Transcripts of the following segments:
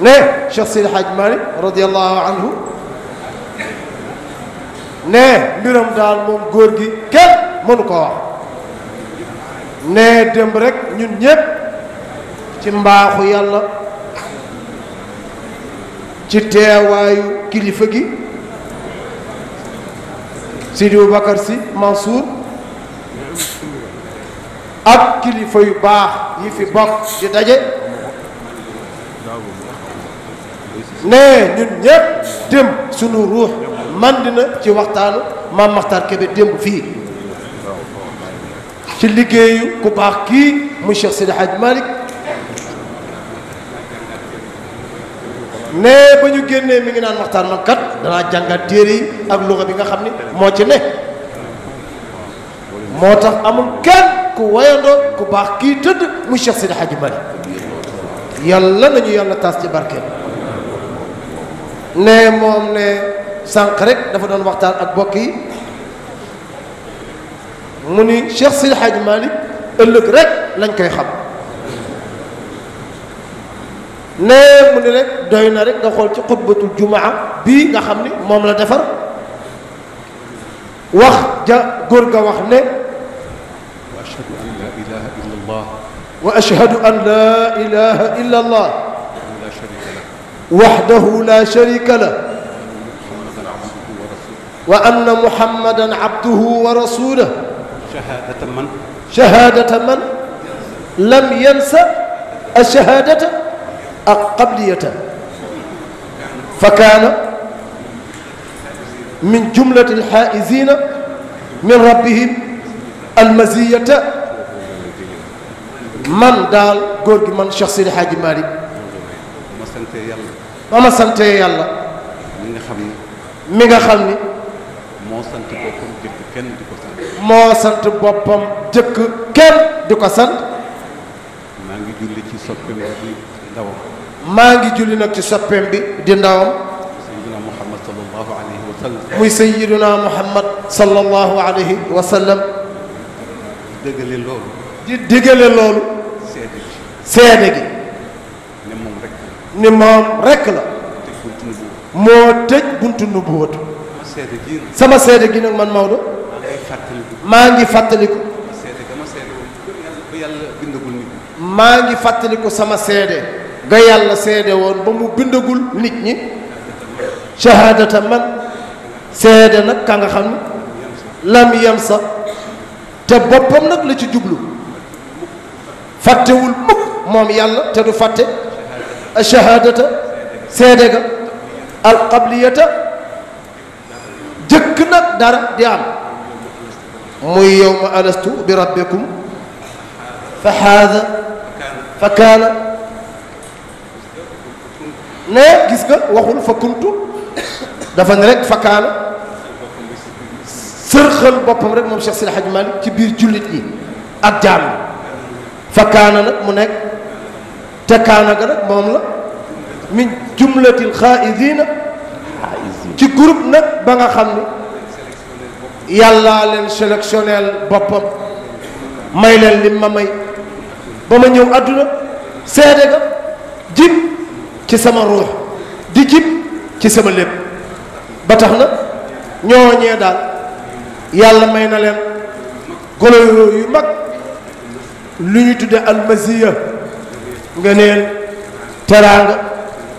ne Cheikh Sidi Hadj Malick radiyallahu anhu ne mbiram daal moom góor gi kenn mënu ko wax ne démb rek ñun ñépp ci mbaaxu yàlla ci teewaayu kilifa gi Sidi Boubacar Sy Mansour ak kilifa yu baax yi fi bokk di daje nee ñun ñëpp démb sunu ruux màndi na ci waxtaanu maam Maxtaar Kébé démb fii ci liggéeyu ku baax kii muy Cheikh Sidi Hadj Malick nee ba ñu génnee mi ngi naan Maxtaar man kat danaa jàngat téere yi ak luga bi nga xam ni moo ci ne moo tax amul kenn ku wayandoo ku baax kii tëdd muy Cheikh Sidi Hadj Malick yàlla nañu yàlla taas ci barkeem ne moom ne sànq rek dafa doon waxtaan ak bokk yi mu ni Cheikh Seydi Hadji Malick ëllëg rek lañ koy xam ne mu ni rek doy na rek nga xool ci xutbatul jumaa bi nga xam ni moom la defar wax ja góor ga wax ne wa ashhadu an la ilaha illa allah وحده لا شريك له وأن محمدا عبده ورسوله شهادة من شهادة من لم ينس الشهادة القبلية فكان من جملة الحائزين من ربهم المزية man daal góor gi man Cheikh Seydi Hadji Malick santee yàlla. ba ma santee yàlla. mi nga xam ni. mi nga xam ni. moo sant boppam jëkk kenn di ko sant. maa ngi julli ci soppeem bi maa ngi julli nag ci soppeem bi di ndawam. sayyiduna Muhammad sallallahu alayhi muy sayyiduna Muhammad sallallahu alayhi wa sallam. di dëggale loolu. di dëggale loolu. seede gi. seede gi. ni moom rekk la moo tëj buntu nubuwatu sama seede gi nag man Maodo maa ngi fàttaliku maa ngi fàttaliku sama seede ga yàlla seede woon ba mu bindagul nit ñi shahaadata man seede nag ka nga xam ne lam yem sa te boppam nag la ci jublu fàttewul mukk moom yàlla te du fàtte achahaadata seede ga alqabliyata jëkk nag dara di am muy yowma alastu bi rabbikum fa haada fa kaana ne gis nga waxul fa kuntu dafa ne rek fa kaana sërxal boppam rek moom Cheikh Sidi Hadj Malick ci biir jullit yi ak jaam fa kaana nag mu nekk te kaana ga nag moom la min jumlatil xaaisiina ci groupe nag ba nga xam ni yàllaa leen sélectionnel boppam may leen lim ma may ba ma ñëw àdduna seede ga jib ci sama ruux di jib ci sama lépp ba tax na ñooñee daal yàlla may na leen golo yu mag lu ñu tudde almasiya ngëneel teraanga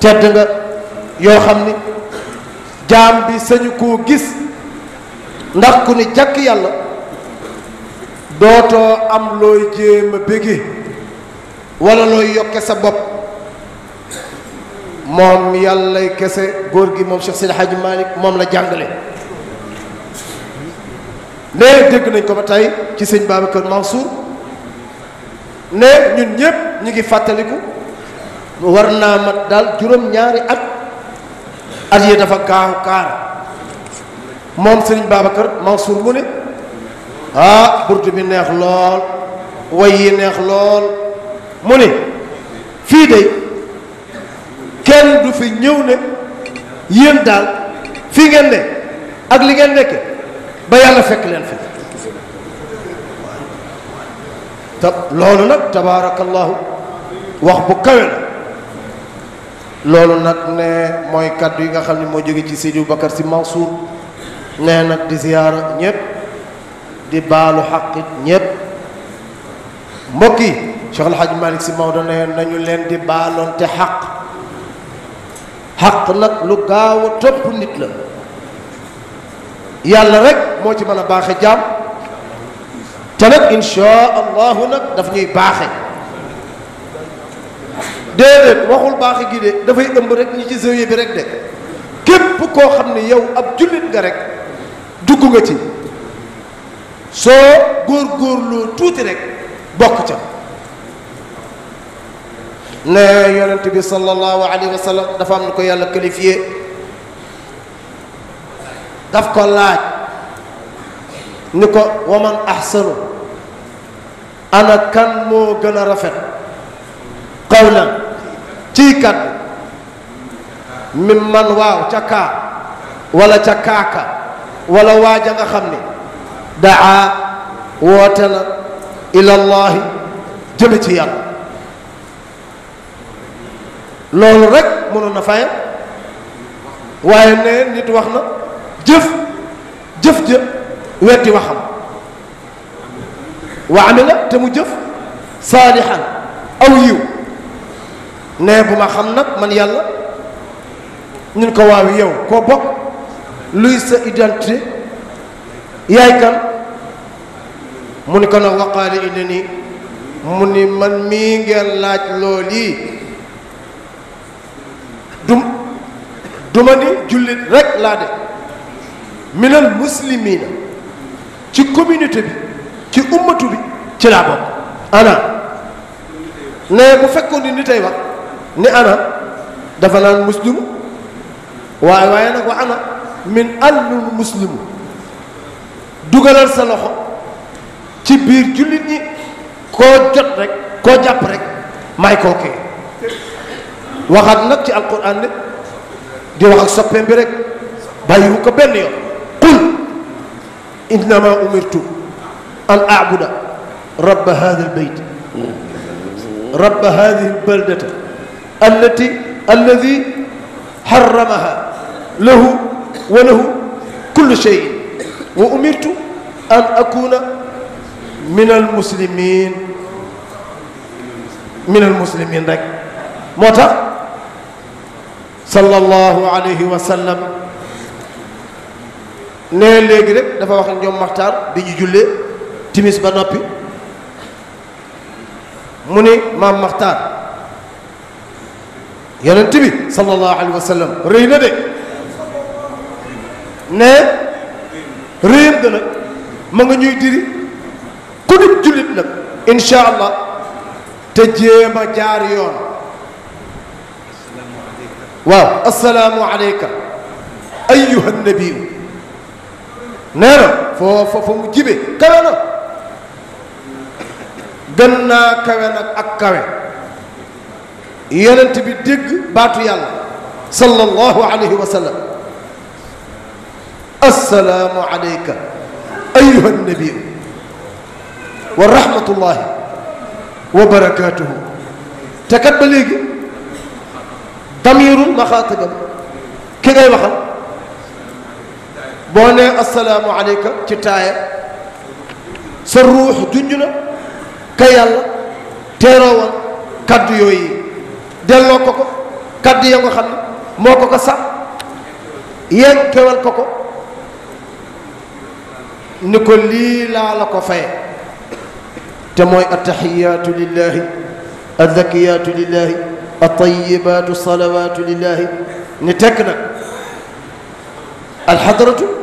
tedd nga yoo xam ni jaam bi sañu koo gis ndax ku ni jàkk yàlla dootoo am looy jéem a bége looy yokke sa bopp moom yàllay kese góor gi moom Cheikh Seydi Hadji moom la jàngale nee dégg nañ ko ba tey ci sëñ Babacar Mansour ne ñun ñëpp ñu ngi fàttaliku war naa mat daal juróom-ñaari at at yi dafa gaaw kaar moom Serigne Babacar Mansour mu ne ah burdu bi neex lool way yi neex lool mu ne fii de kenn du fi ñëw ne yéen daal fii ngeen ne ak li ngeen nekke ba yàlla fekk leen fi te loolu nag tabaarakallahu wax bu kawe la loolu nag ne mooy kàddu yi nga xam ne moo jóge ci Seydi Bakar Si Mansour nee nag di ziyaara ñépp di baalu xaqit ñépp mbokk yi Cheikh El Hadj Malick Si Maodo nee nañu leen di baaloonte xaq xaq nag lu gaaw a topp nit la yàlla rekk moo ci mën a baaxe jaam te nag insha allahu nag daf ñuy baaxe déedéet waxul baaxe gi de dafay ëmb rek ñi ci zawiya bi rek de képp koo xam ne yow ab jullit nga rek dugg nga ci soo góorgóorloo tuuti rek bokk ca ne yonent bi sallallahu alayhi wa sallam dafa am na ko yàlla qualifié daf ko laaj ni ko waman ahsanu ana kan moo gën a rafet qawlan ci kàddu min man waaw ca kaa wala ca kaaka wala waaja nga xam ne daa woote na ilallahi jëme ci yàlla rek mënoon na fayam waaye ne nit wax na jëf jëf jëf wetti waxam wa amila te mu jëf saalihan aw yiw ne bu ma xam nag man yàlla ñun ko waaw yow koo bokk luy sa identité yaay kan mu ni ko na waqaale indi nii mu ni man mii ngeen laaj lool yi duma ni jullit rek laa de minal muslimiina ci communité bi ci ummatu bi ci laa bokk ana ne bu fekkoon ni ni tey wax ni ana dafa naan muslimu waaye waaye nag wa ana min allul muslimu dugalal sa loxo ci biir jullit ñi koo jot rek koo jàpp rek maay kookee waxaat nag ci alquran ne di wax soppeem bi rek bàyyiwu ko benn yoon innama umirtu an a'buda rabba hadha albayt rabba hadhihi albaldata allati alladi harramaha lahu wa lahu kullu shay'in wa umirtu an akuna min almuslimin min almuslimin rek moo tax sallallahu alayhi wa sallam nee léegi rek dafa wax ak ñoom maxtaar bi ñu jullee timis ba noppi mu ni maam maxtaar yonent bi sallallahu alayhi wa sallam rëy na de ne réyam ga nag ma nga ñuy diri ku dib jullit nag incha allah te jéem jaar yoon waaw asalaamu aleyka ayuha nabiyu nee na foo fa mu jibe kawe na gën naa kawe nag ak kawe yonent bi dégg baatu yàlla sallallahu alayhi wa sallam assalaamu alayka ayuha nabiyu wa rahmatullahi wa barakaatuhu te kat ba léegi damirul maxaatibam ki ngay waxal bone nee assalaamu aleyka ci taaya sa ruux junj na ka yàlla teeroowal kaddu yooyu delloo ko kaddu ya xam ne moo ko ko sax yéen kewal ko ko ni ko lii laa la ko faye te mooy attaxiyaatu lillahi alzakiyaatu lillahi altayibaatu salawaatu lillahi ni tekk nag alxadratu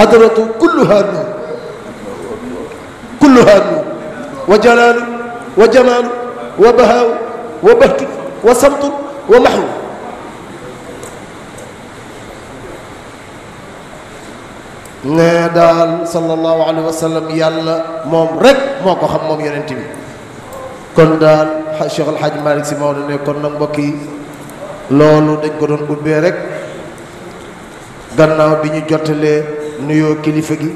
xadaratu kulluha nuur kulluha nuur wa jalaalu wa jamaalu wa bahaawu daal sallallahu alayhi wa sallam moom rek moo ko xam moom yonent bi kon daal Cheikh El Hadj Malick Sy Maodo ne kon nag mbokk yi loolu dañ ko doon rek gannaaw bi ñu jottalee nuyoo kilifa gi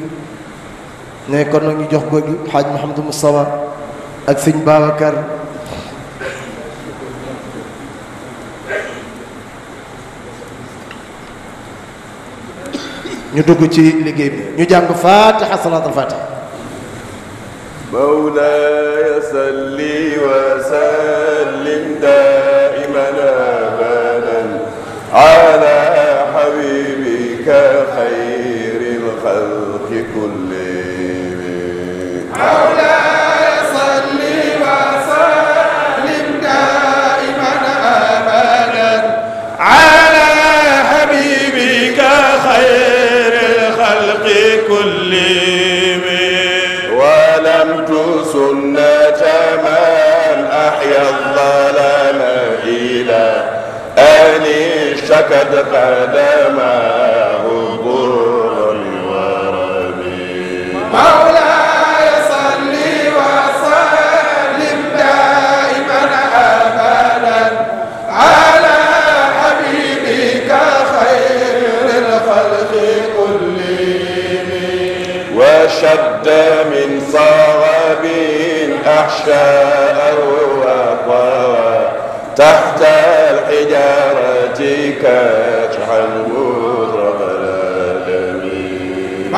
ne kon nag ñu jox góor gi xaaj Mouhamadou Moustapha ak sëñ Babacar ñu dugg ci liggéey bi ñu jàng faatiha salaatul faatiha mawlaaya salli wa sallim daa'iman abadan ala habibika xayr الخلق كلهم مولاي صل وسلم دائما ابدا على حبيبك خير الخلق كلهم ولم سنة من احيا الظلام الى ان شكت قدمه أشد من صغب أحشاء وطوى تحت الحجارة كشحا مطرب العالمين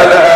على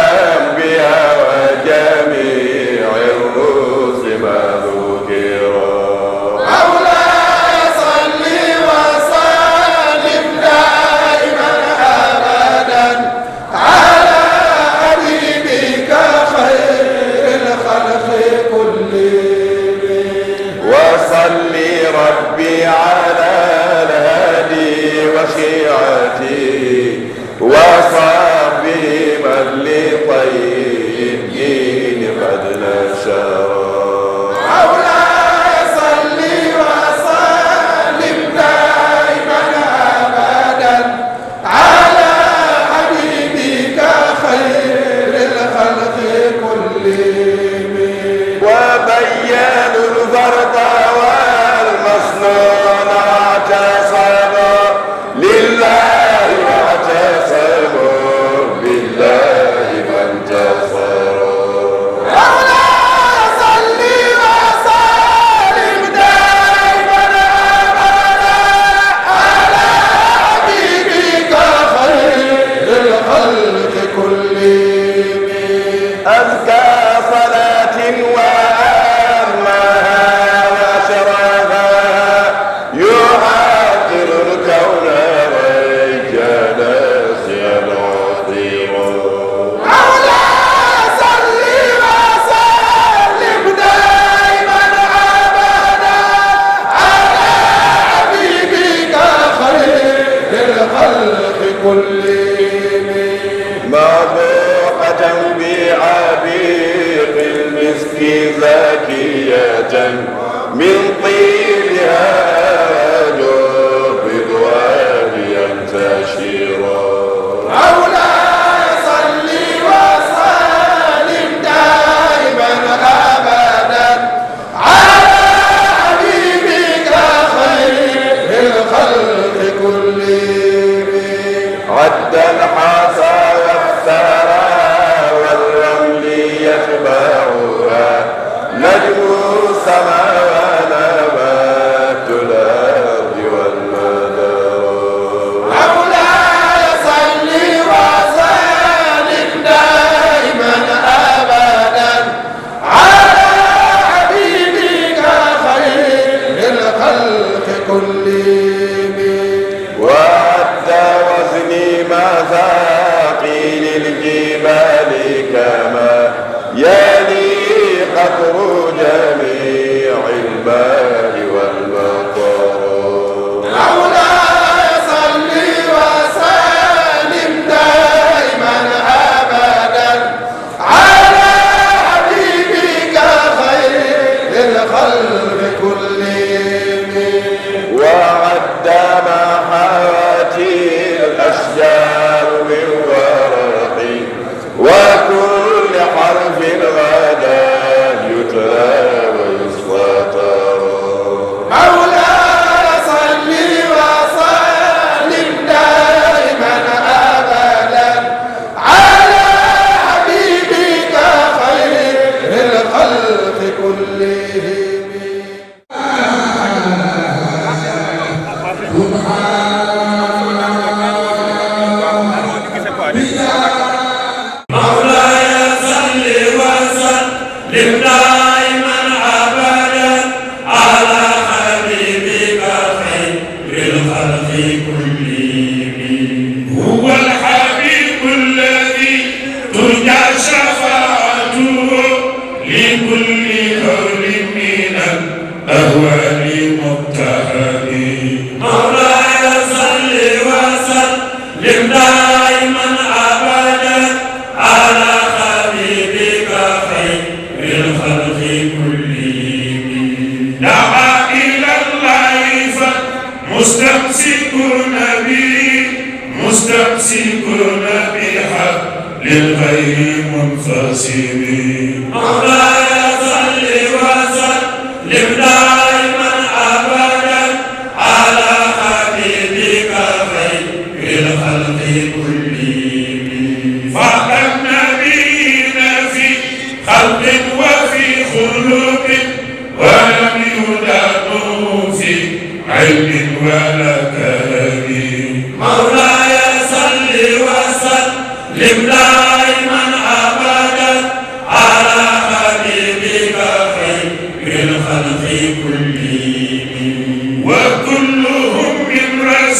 أذكى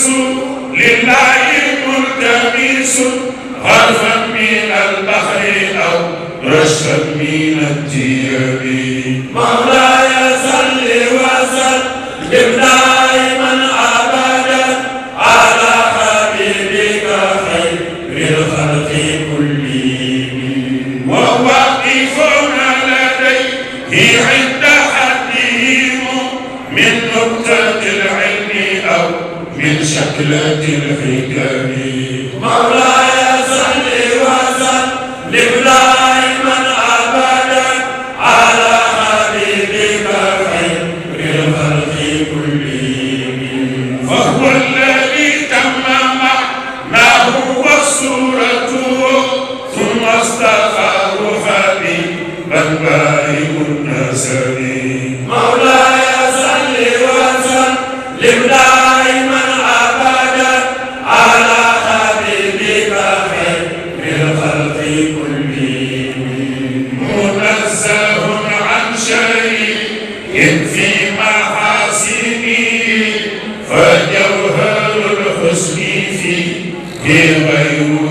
التميس لله ملتمس غرفا من البحر أو رشفا من التيم الحكيم في غير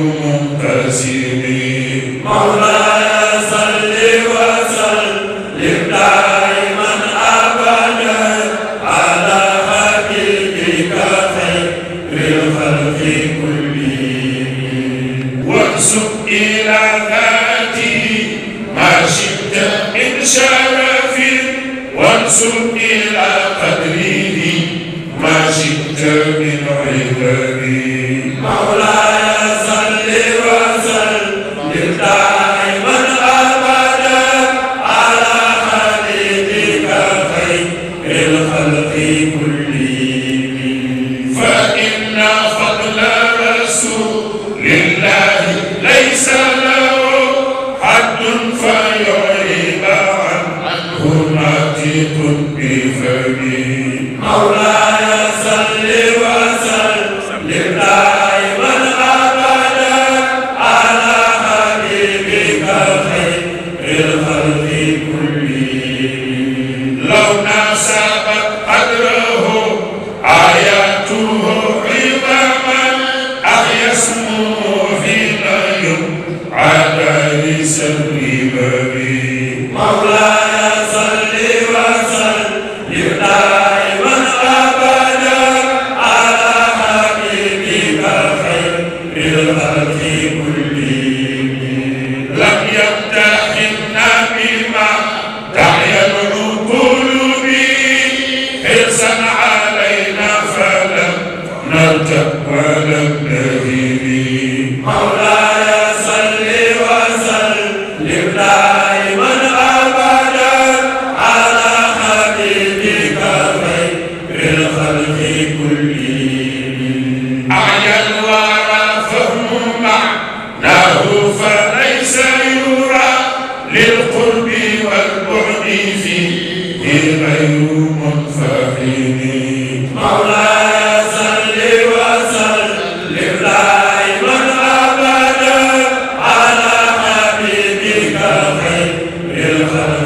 في كل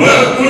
wa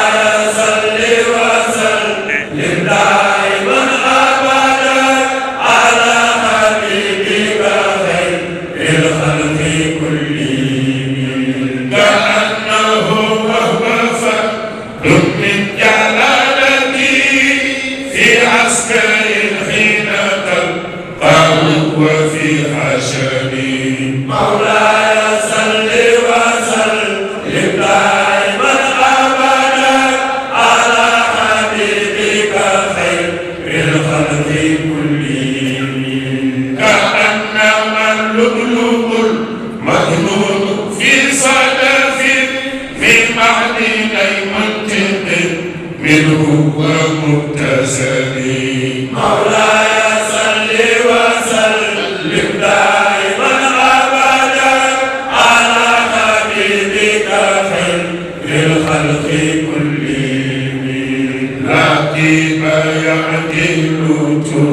يعدل جندا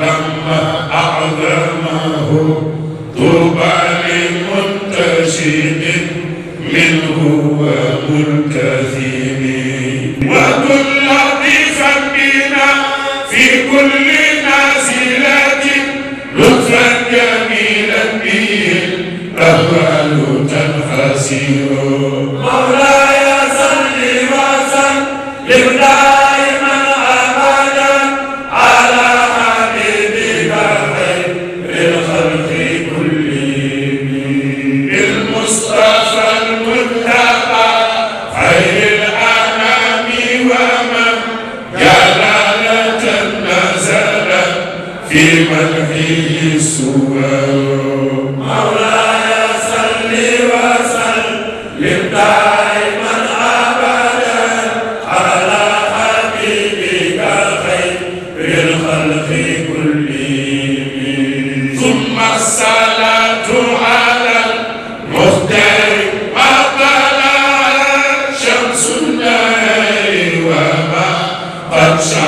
لما أعظمه طوبى لمنتشر منه وملتزم وكل لطيفا بنا في كل نازلات لطفا جميلا به الأهوال تنخسر مولانا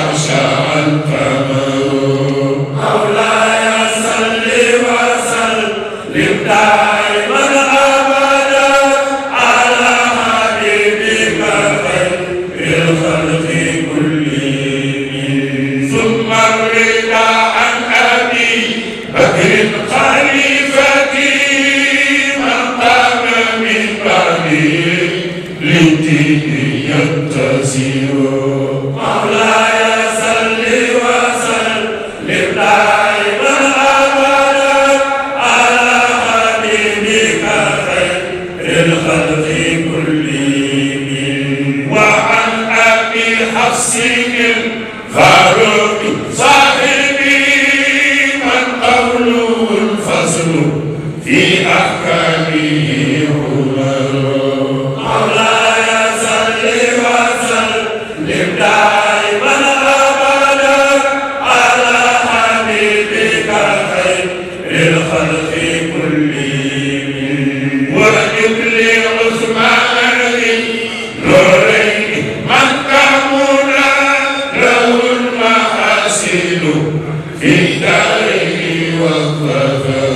عشاء القمر وسلوا في داره وكفى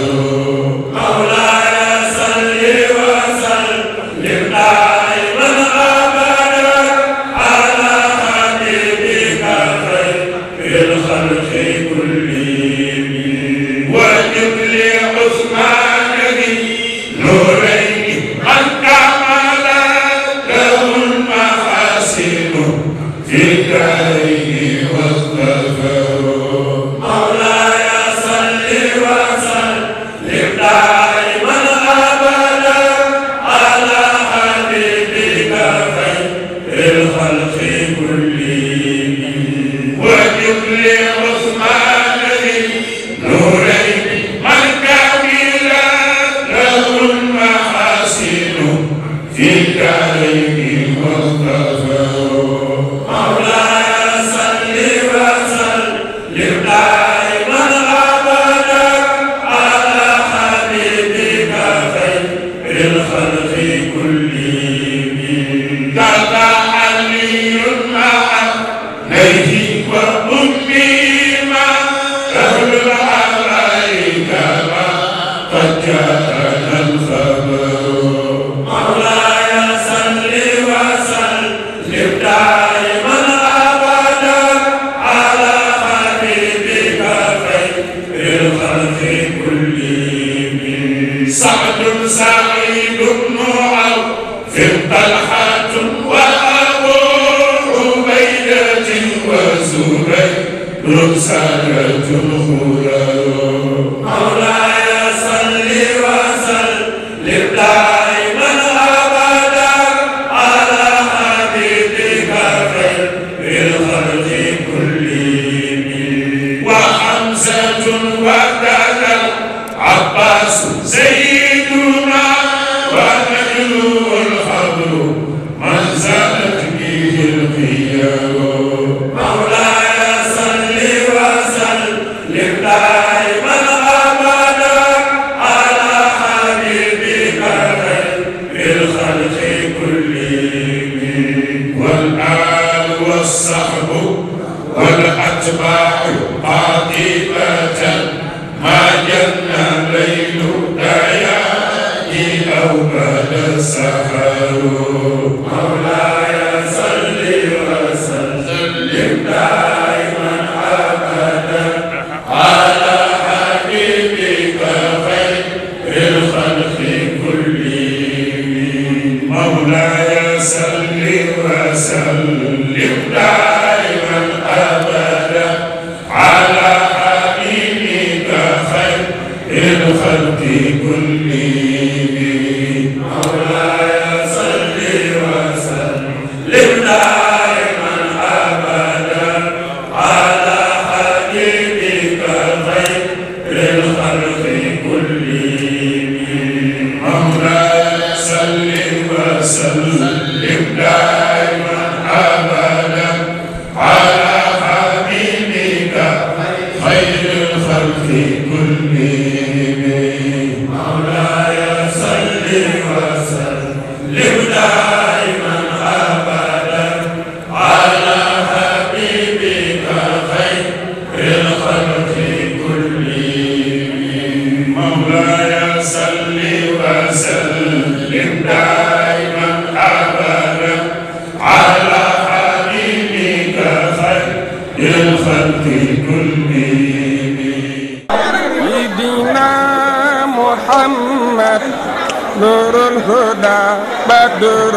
الهدى بدر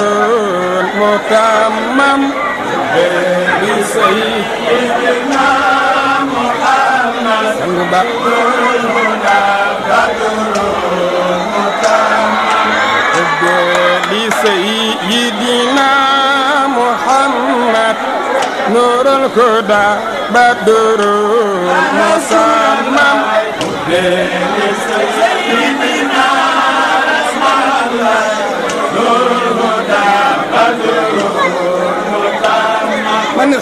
المتمم بسيدنا محمد بدر الهدى بدر المتمم بسيدنا محمد نور الهدى بدر المتمم بسيدنا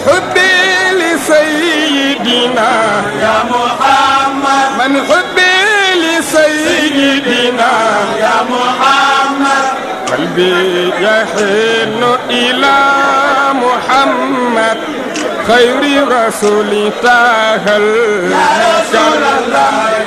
حبي لسيدنا يا محمد من حبي لسيدنا يا محمد قلبي يحن إلى محمد خير رسول تاهل يا رسول الله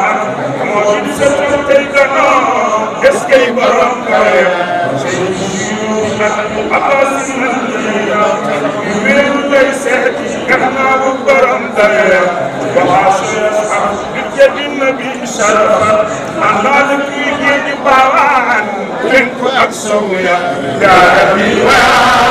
سويا يا أبي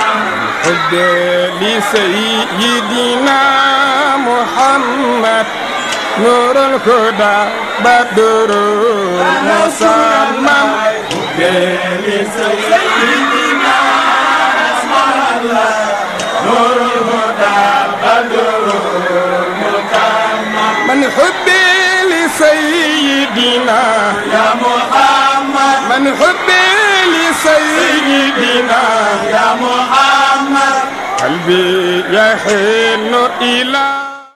حب لسيدنا محمد نور الهدى بدر المسمى حب لسيدنا نور الهدى بدر المسمى من حب لسيدنا يا محمد من حب سيدنا يا محمد قلبي يحن إلى